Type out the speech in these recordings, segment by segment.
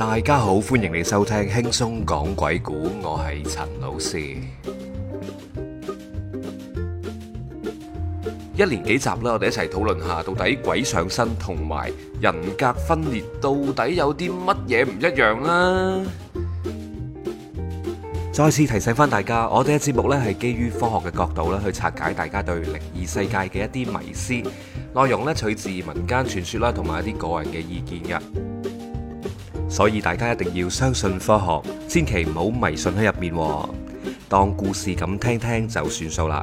大家好，歡迎你收聽輕鬆講鬼故。我係陳老師。一連幾集啦，我哋一齊討論下到底鬼上身同埋人格分裂到底有啲乜嘢唔一樣啦。再次提醒翻大家，我哋嘅節目呢係基於科學嘅角度啦，去拆解大家對靈異世界嘅一啲迷思。內容呢取自民間傳說啦，同埋一啲個人嘅意見嘅。所以大家一定要相信科學，千祈唔好迷信喺入面，當故事咁聽聽就算數啦。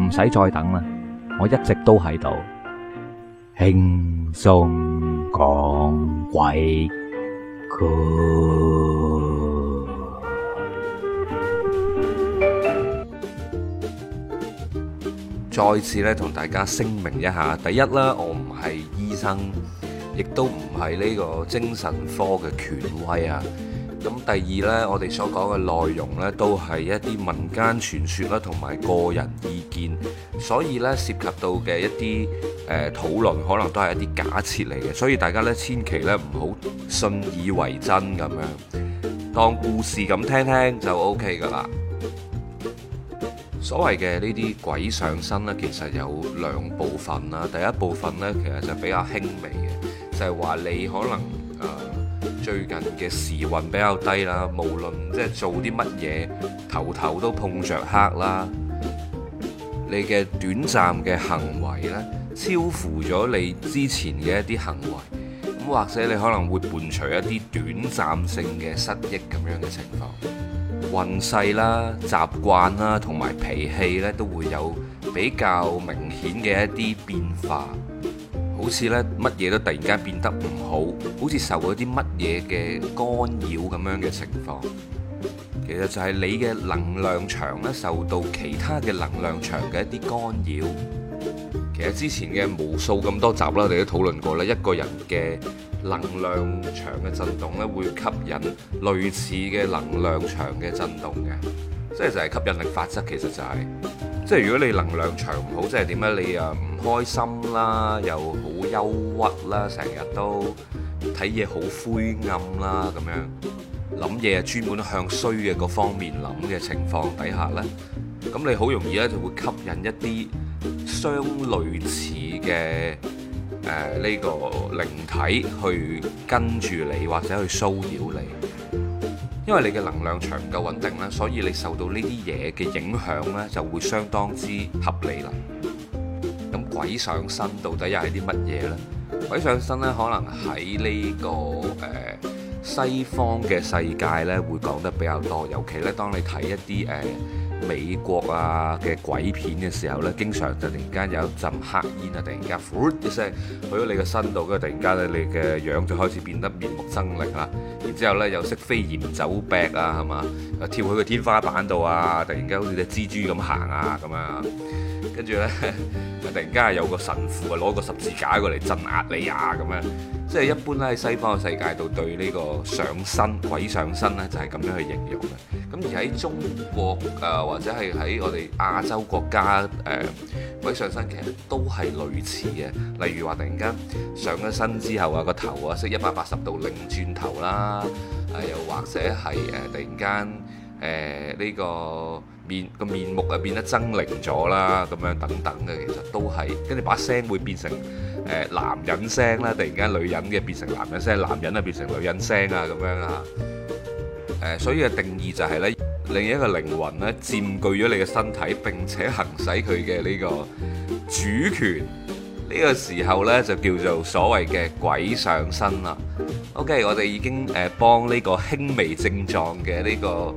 唔使再等啦，我一直都喺度，輕鬆講鬼故事。再次咧同大家聲明一下，第一啦，我唔係醫生，亦都唔係呢個精神科嘅權威啊。咁第二咧，我哋所講嘅內容咧都係一啲民間傳說啦，同埋個人意見，所以咧涉及到嘅一啲誒、呃、討論，可能都係一啲假設嚟嘅，所以大家咧千祈咧唔好信以為真咁樣，當故事咁聽聽就 OK 㗎喇。所謂嘅呢啲鬼上身呢，其實有兩部分啦。第一部分呢，其實就比較輕微嘅，就係話你可能誒、呃、最近嘅時運比較低啦，無論即係做啲乜嘢，頭頭都碰着黑啦。你嘅短暫嘅行為呢，超乎咗你之前嘅一啲行為，咁或者你可能會伴隨一啲短暫性嘅失憶咁樣嘅情況。運勢啦、習慣啦，同埋脾氣呢，都會有比較明顯嘅一啲變化。好似呢，乜嘢都突然間變得唔好，好似受咗啲乜嘢嘅干擾咁樣嘅情況。其實就係你嘅能量場呢，受到其他嘅能量場嘅一啲干擾。其實之前嘅無數咁多集啦，我哋都討論過啦，一個人嘅能量場嘅震動咧，會吸引類似嘅能量場嘅震動嘅，即係就係吸引力法則，其實就係、是，即係如果你能量場唔好，即係點咧？你啊唔開心啦，又好憂鬱啦，成日都睇嘢好灰暗啦，咁樣諗嘢啊專門向衰嘅嗰方面諗嘅情況底下呢，咁你好容易咧就會吸引一啲相類似嘅。誒呢、呃這個靈體去跟住你，或者去騷擾你，因為你嘅能量場唔夠穩定啦，所以你受到呢啲嘢嘅影響咧，就會相當之合理啦。咁鬼上身到底又係啲乜嘢呢？鬼上身咧，可能喺呢、這個誒、呃、西方嘅世界咧，會講得比較多，尤其咧，當你睇一啲誒、呃美國啊嘅鬼片嘅時候呢，經常突然間有陣黑煙啊，突然間噗一聲去咗你嘅身度，跟突然間咧你嘅樣就開始變得面目猙獰啦，然之後呢，又識飛檐走壁啊，係嘛？啊，跳去個天花板度啊，突然間好似隻蜘蛛咁行啊，咁樣。跟住呢，突然間有個神父啊，攞個十字架過嚟鎮壓你啊咁樣，即係一般咧喺西方嘅世界度對呢個上身鬼上身呢，就係、係、咁樣去形容嘅。咁而喺中國啊、呃，或者係喺我哋亞洲國家、呃、鬼上身，其實都係類似嘅。例如話突然間上咗身之後啊，個頭啊識一百八十度擰轉頭啦，啊又或者係誒、啊、突然間誒呢個。面個面目啊變得猙獰咗啦，咁樣等等嘅，其實都係跟住把聲會變成誒、呃、男人聲啦，突然間女人嘅變成男人聲，男人啊變成女人聲啊咁樣啊、呃。所以嘅定義就係、是、呢：另一個靈魂呢，佔據咗你嘅身體並且行使佢嘅呢個主權，呢、這個時候呢，就叫做所謂嘅鬼上身啦。OK，我哋已經誒幫呢個輕微症狀嘅呢個。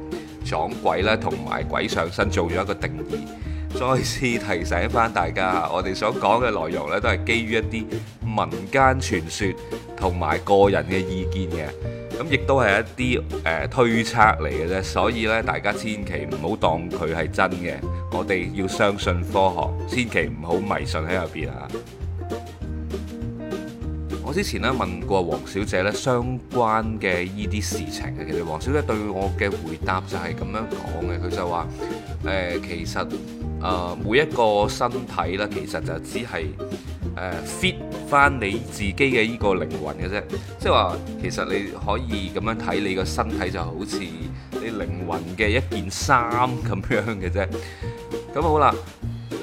撞鬼咧，同埋鬼上身做咗一個定義。再次提醒翻大家，我哋所講嘅內容咧，都係基於一啲民間傳說同埋個人嘅意見嘅。咁亦都係一啲誒、呃、推測嚟嘅啫。所以咧，大家千祈唔好當佢係真嘅。我哋要相信科學，千祈唔好迷信喺入邊啊！我之前咧問過黃小姐咧相關嘅依啲事情嘅，其實黃小姐對我嘅回答就係咁樣講嘅，佢就話誒、呃、其實誒、呃、每一個身體咧，其實就只係 fit 翻你自己嘅依個靈魂嘅啫。即係話其實你可以咁樣睇，你個身體就好似你靈魂嘅一件衫咁樣嘅啫。咁好啦，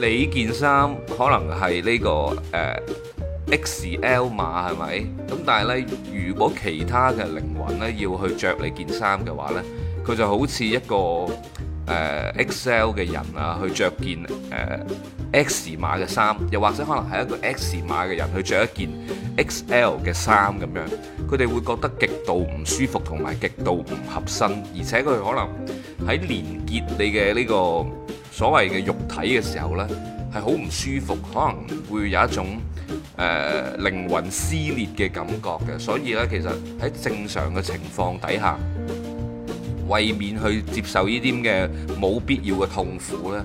你件衫可能係呢、呢個誒、呃 X L 碼係咪咁？但係呢，如果其他嘅靈魂呢要去着你件衫嘅話呢，佢就好似一個誒、呃、X L 嘅人啊，去着件誒、呃、X 碼嘅衫，又或者可能係一個 X 碼嘅人去着一件 X L 嘅衫咁樣，佢哋會覺得極度唔舒服，同埋極度唔合身，而且佢可能喺連結你嘅呢個所謂嘅肉體嘅時候呢，係好唔舒服，可能會有一種。誒靈魂撕裂嘅感覺嘅，所以咧其實喺正常嘅情況底下，為免去接受呢啲咁嘅冇必要嘅痛苦咧，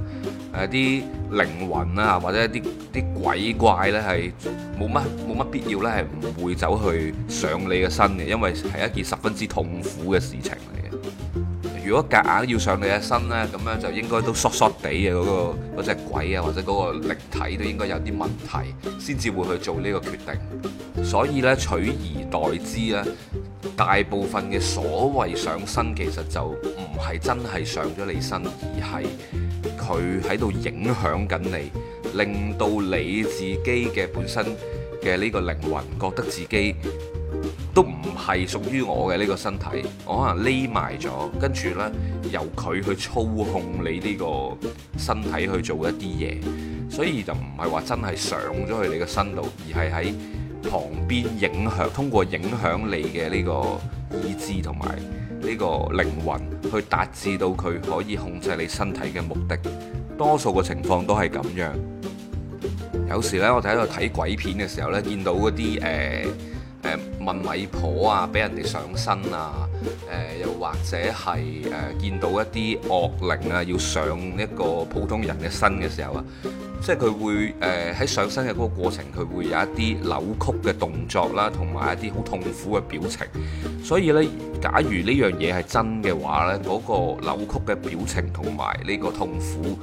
誒啲靈魂啊或者一啲啲鬼怪咧係冇乜冇乜必要咧，係唔會走去上你嘅身嘅，因為係一件十分之痛苦嘅事情嚟嘅。如果夾硬要上你嘅身呢，咁樣就應該都縮縮地嘅嗰個嗰隻鬼啊，或者嗰個靈體都應該有啲問題，先至會去做呢個決定。所以呢，取而代之呢，大部分嘅所謂上身，其實就唔係真係上咗你身，而係佢喺度影響緊你，令到你自己嘅本身嘅呢個靈魂覺得自己，都唔係屬於我嘅呢個身體，我可能匿埋咗，跟住呢由佢去操控你呢個身體去做一啲嘢，所以就唔係話真係上咗去你個身度，而係喺旁邊影響，通過影響你嘅呢個意志同埋呢個靈魂，去達至到佢可以控制你身體嘅目的。多數嘅情況都係咁樣。有時呢，我哋喺度睇鬼片嘅時候呢，見到嗰啲誒誒，呃呃問米婆啊，俾人哋上身啊，誒、呃、又或者係誒、呃、見到一啲惡靈啊，要上一個普通人嘅身嘅時候啊，即係佢會誒喺、呃、上身嘅嗰個過程，佢會有一啲扭曲嘅動作啦，同埋一啲好痛苦嘅表情。所以呢，假如呢樣嘢係真嘅話，呢嗰、那個嗰個扭曲嘅表情同埋呢個痛苦，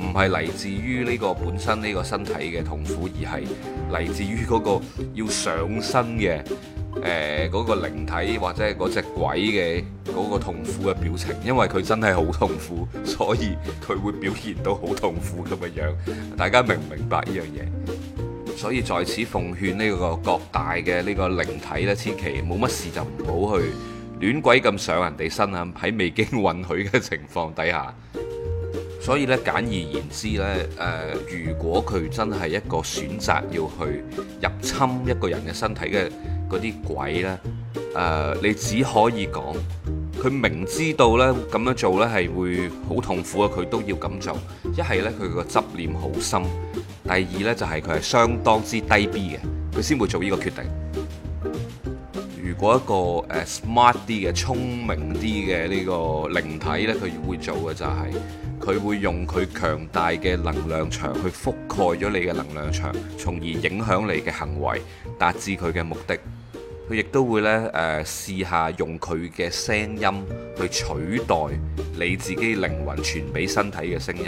唔係嚟自於呢個本身呢個身體嘅痛苦，而係嚟自於嗰個要上身嘅。誒嗰、呃那個靈體或者係嗰隻鬼嘅嗰、那個痛苦嘅表情，因為佢真係好痛苦，所以佢會表現到好痛苦咁嘅樣。大家明唔明白呢樣嘢？所以在此奉勸呢個各大嘅呢、這個靈體咧，千祈冇乜事就唔好去亂鬼咁上人哋身啊！喺未經允許嘅情況底下，所以呢，簡而言之呢，誒、呃，如果佢真係一個選擇要去入侵一個人嘅身體嘅。嗰啲鬼呢，誒，你只可以講，佢明知道呢咁樣做呢係會好痛苦啊，佢都要咁做。一係呢佢個執念好深，第二呢就係佢係相當之低 B 嘅，佢先會做呢個決定。如果一個誒 smart 啲嘅、聰明啲嘅呢個靈體呢，佢會做嘅就係佢會用佢強大嘅能量場去覆蓋咗你嘅能量場，從而影響你嘅行為，達至佢嘅目的。佢亦都會呢，誒、呃、試下用佢嘅聲音去取代你自己靈魂傳俾身體嘅聲音，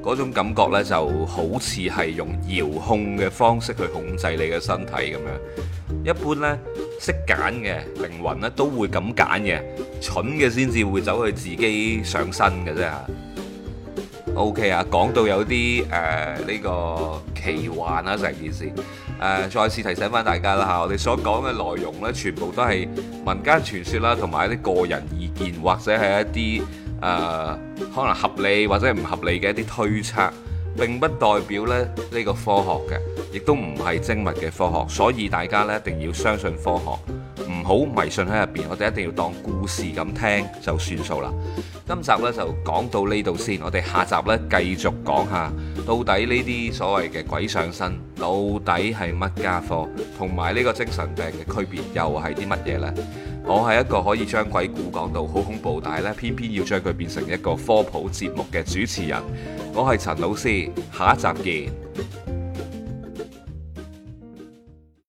嗰種感覺呢，就好似係用遙控嘅方式去控制你嘅身體咁樣。一般呢，識揀嘅靈魂呢都會咁揀嘅，蠢嘅先至會走去自己上身嘅啫嚇。OK 啊，講到有啲誒呢個奇幻啦，成件事。誒，uh, 再次提醒翻大家啦嚇，我哋所講嘅內容咧，全部都係民間傳說啦，同埋一啲個人意見，或者係一啲誒、呃、可能合理或者係唔合理嘅一啲推測，並不代表咧呢個科學嘅，亦都唔係精密嘅科學，所以大家咧一定要相信科學，唔好迷信喺入邊，我哋一定要當故事咁聽就算數啦。今集呢就講到呢度先，我哋下集呢繼續講下。到底呢啲所謂嘅鬼上身，到底係乜家伙？同埋呢個精神病嘅區別又係啲乜嘢呢？我係一個可以將鬼故講到好恐怖，但係咧偏偏要將佢變成一個科普節目嘅主持人。我係陳老師，下一集見。